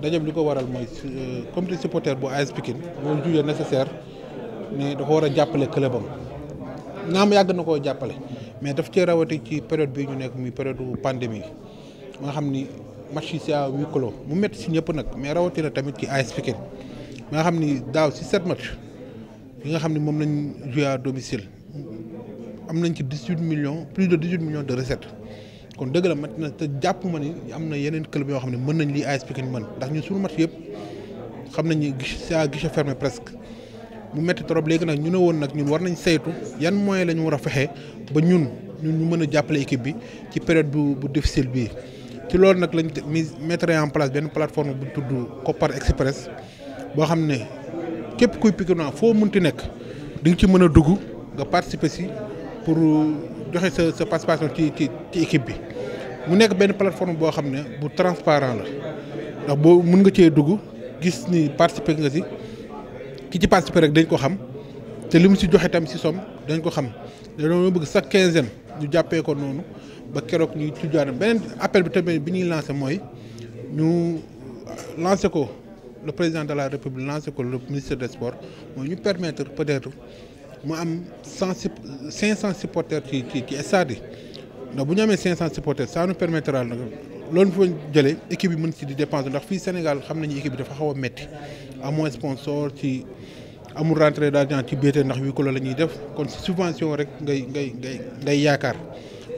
daje bi li ko waral mooy euh, comité supporter bu AS Pikine moom jugee nécessaire ne ko war a jàppale club am yàgg na koo jàppale mais daf cee rawati ci période bii ñu nekk muy période pandémie nga xam ni match yi si à huis clos mu métti si ñëpp nag mais rawatina tamit ci AS ma nga xam ni daaw si set match yi nga xam ni moom lañ joué à domicile am nañ ci dix huit millions plus de million huit millions de recettes. kon dëgg la na te jàpp ma ni am na yeneen club yoo xam ne mën nañ lii AS Pikine mën ndax ñun suñu match yëpp xam nañu c'est à guichet fermé presque mu metti trop léegi nag ñu ne woon nag ñun war nañ saytu yan moyen la ñu war a fexe ba ñun ñun ñu mën a jàppale équipe bi ci période bu bu difficile bi ci loolu nag lañu mis mettre en place benn plateforme bu tudd Kopar Express boo xam ne képp kuy Pikinois foo mun munti nekk di nga ci mën a dugg nga participer joxe sa sa participation ci ci ci équipe bi mu nekk benn plateforme boo xam ne bu transparent la ndax boo mën nga cee dugg gis ni participer nga si ci ci participer rek dañ ko xam te li mu si joxe tam si somme dañ ko xam dañoo bëgg chaque quinzaine ñu jàppee ko noonu ba keroog ñuy tujjaan beneen appel bi tamit bi ñuy lancé mooy ñu lancé ko le président de la république lancé ko le ministre des sports mooy ñu permettre peut-être. mu am cent cinq cent supporters ci ci ci stade yi ndax bu ñu amee cinq cent supporters ça nous permettra nag loolu fa jëlee équipe yi mën si di dépenser ndax fii Sénégal xam nañu équipe bi dafa xaw a métti amoo sponsor ci amul rentrée d'argent ci béykat ndax wi ko la ñuy def kon si subvention rek ngay ngay ngay ngay yaakaar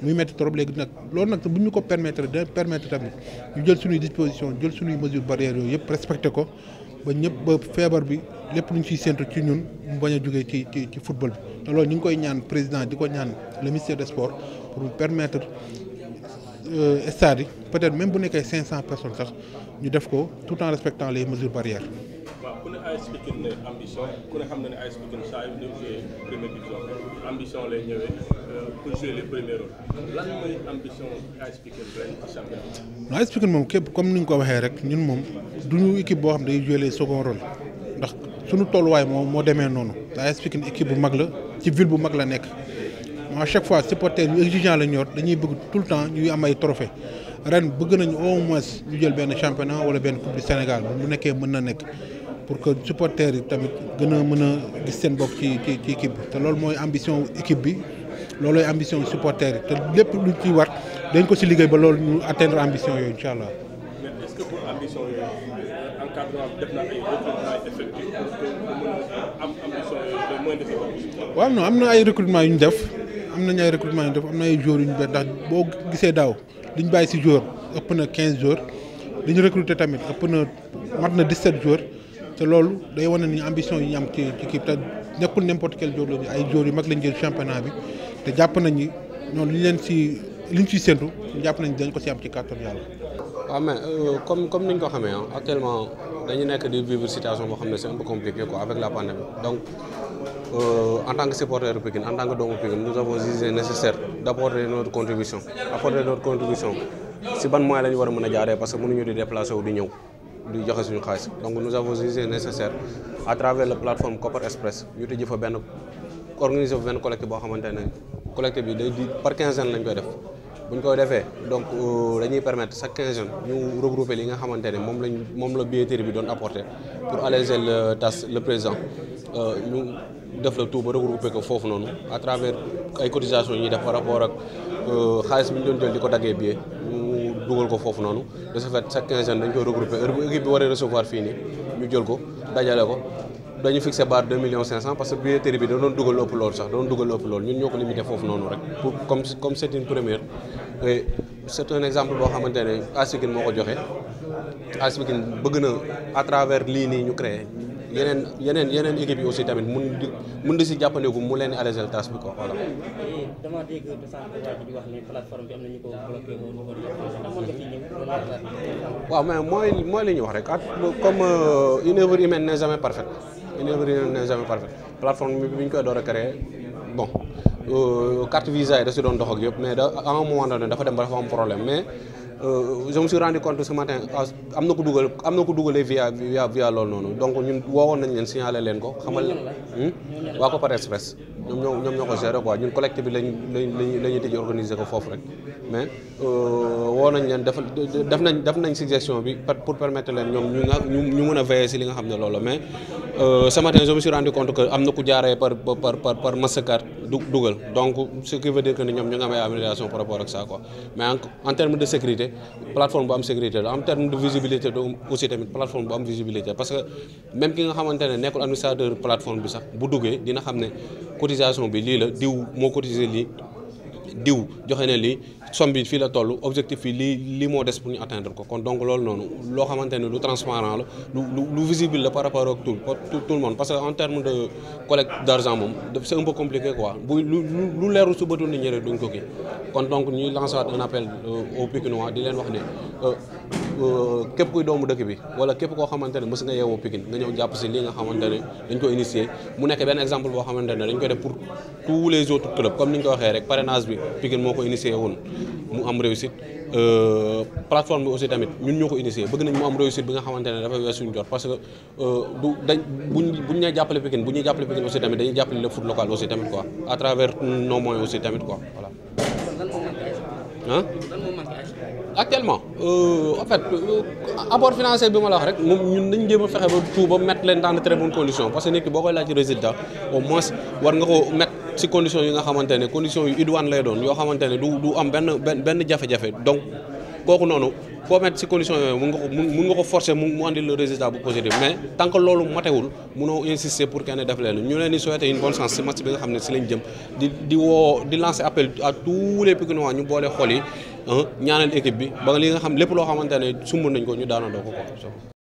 muy métti trop léegi nag loolu nag bu ñu ko permettre da permettre tamit ñu jël suñuy disposition jël suñuy mesures barrières yooyu yëpp respecté ko. ba ñëpp ba feebar bi lépp lu ñu ciy séntu ci ñun mu bañ a jógee ci ci ci football bi te loolu ñu ngi koy ñaan président di ko ñaan le ministère de sports pour permettre Euh, stade yi peut-être même bu nekkee cent personnes sax ñu def ko tout en respectant les mesures barrières. waaw ambition lay ñëwee euh, pour jouer les premiers rôles moom képp comme ni ñu ko waxee rek ñun moom duñu équipe boo xam day jouer les second rôle ndax suñu tolluwaay moo moo demee noonu AS Pikine équipe bu mag la ci ville bu mag la nekk. à chaque fois supporters yu exigeant la ñor dañuy bëgg tout le temps ñuy am ay trophée ren bëgg nañu au moins ñu jël benn championnat wala benn coupe du Sénégal bu nekkee mën na nekk pour que supporters yi tamit gën a mën a gis seen bopp ci ci équipe bi te loolu mooy ambition équipe bi loolooy ambition supporters yi te lépp lu ci war dañ ko si liggéey ba loolu ñu atteindre ambition yooyu incha allah. Euh, na am waaw non am na ay recrutement yu ñu def. am nañ ay recrutement yu def am na ay joueurs yu ñu bëri ndax boo gisee daaw li ñu bàyyi si joueur ëpp na 15 joueurs li ñu recruter tamit ëpp na mat na 17 joueurs te loolu day wane ni ambition yi ñu am ci ci kii te nekkul n'importe quel joueur ay joueurs yu mag lañ jël championnat bi te jàpp nañ ni noonu li ñu leen si li ñu siy séntu jàpp nañ dañ ko si am ci kàttan yàlla. waaw mais euh, comme comme ni ñu ko xamee ah, actuellement dañu nekk di vivre situation boo xam ne c'est un peu ko quoi avec la pandémie donc. Euh, en tant que supporter de en tant que doomu Pékin, nous avons jugé nécessaire d'apporter notre contribution apporter notre contribution si ban moyen la war a mën a jaaree parce que mënuñu di déplacer wu di ñëw di joxe suñu xaalis donc nous avons jugé nécessaire à travers la plateforme Copper Express ñu tijji fa benn organiser fa benn collecte boo xamante ne collecte bi day di par quinzaine lañ koy def bu ñu koy defee donc euh, dañuy permettre chaque quinzaine ñu regrouper li nga xamante ne moom lañ moom la billetterie bi doon apporter def la tout ba regroupé ko foofu noonu à travers ay cotisations yi ñuy def par rapport ak euh, xaalis bi ñu doon jël di ko daggee billet mu dugal ko foofu noonu de ce fait chaque quinzaine dañ koy regroupé bi war a recevoir fii nii ñu jël ko dajale ko dañu fixé barre 2 millions 500 parce que billetterie bi da doon dugal ëpp loolu sax da doon dugal ëpp loolu ñun ñoo ko limité foofu noonu rek pour comme comme c'est une première et c'est un exemple boo xamante ne AS Pikine ko joxe AS Pikine bëgg na à travers lii nii ñu créé yeneen yeneen yeneen équipe yi aussi tamit mun di mun di si jàppandiku mu leen alésel tas bi ko xoola dama dégg di wax ni plateforme bi am na ñu ko bloqué waaw mais mooy mooy ñuy wax rek at comme euh, une œuvre humaine n'est jamais parfaite une œuvre humaine n'est jamais parfaite plateforme bi bi ñu koy door a créé bon euh, carte visa yi da si doon dox yëpp mais da à un moment donné dafa dem ba dafa am problème mais Euh, je me suis rendu compte ce matin am na ko dugal am na ko dugalee via via via noonu donc ñun woowoon nañ leen signaler leen ko. xamal leen hmm? waa Kopar Express. ñoom ñoo ñoom ñoo ko gérer quoi ñun collectif bi lañ lañ lañu tëj organiser ko foofu rek mais euh, woo nañ leen def def nañ def nañ suggestion bi pour permettre leen ñoom ñu nga ñu mën a veiller si li nga xam ne loolu mais. Euh, ce matin je me suis am na ku jaaree par par par par Mastercard du dugal donc ce qui veut dire que ne ñoom ñu nga am ay amélioration par rapport ak ça quoi mais en terme de sécurité plateforme bu am sécurité la en terme de visibilité do aussi tamit plateforme bu am visibilité parce que même ki nga xamante ne nekkul administrateur plateforme bi sax bu duggee dina xam ne cotisation bi lii la diw moo cotiser lii diw joxe na lii somme bi fii la toll objectif bi lii lii moo des pour ñu atteindre ko kon donc loolu noonu loo xamante ne lu transparent la lu lu visible la par rapport ak tout tout le monde parce que en terme de collecte d' moom c' est compliqué quoi bu lu lu leerul su bëtu nit ñi ko kii kon donc ñuy lancer un appel euh, au Pikinois di leen wax ne. Euh, Euh, képp kuy doomu dëkk bi wala képp koo xamante ne mës nga yeewoo Pikine nga ñëw jàpp si lii nga xamante ne dañ ko initier mu nekk benn exemple boo xamante ne dañ koy def pour tous les autres clubs comme ni ñu ko waxee rek parrainage bi Pikine moo ko initier woon mu am réussite euh, plateforme bi aussi tamit ñun ñu ko initier bëgg nañ mu am réussite bi nga xamante ne dafa wees suñu jot parce que euh, du dañ buñ buñ ñee jàppale Pikine bu ñuy jàppale Pikine aussi tamit dañuy jàppale le foot local aussi tamit quoi à ah actuellement euh, en fait euh, apport financier bi ma la rek moom ñun dañ jéem a fexe ba tout ba mettre leen dans de très bonnes conditions parce que nit ki boo koy laaj résultat au moins war nga ko mettre ci condition yi nga xamante ne conditions yu idoine lay doon yoo xamante ne du du am benn benn benn jafe-jafe donc kooku noonu boo mettre si condition yooyu mun nga ko mun nga ko forcer mu andi le résultat bu positif mais tant loolu matewul munoo insister pour kenn def leen ñu leen di souhaiter une bonne chance si match bi nga xam ne si lañ jëm di di woo di lancer appel à tous les ñu boole xol yi ñaanal équipe bi ba li nga xam lépp loo xamante ne sumb nañ ko ñu daanandoo ko ko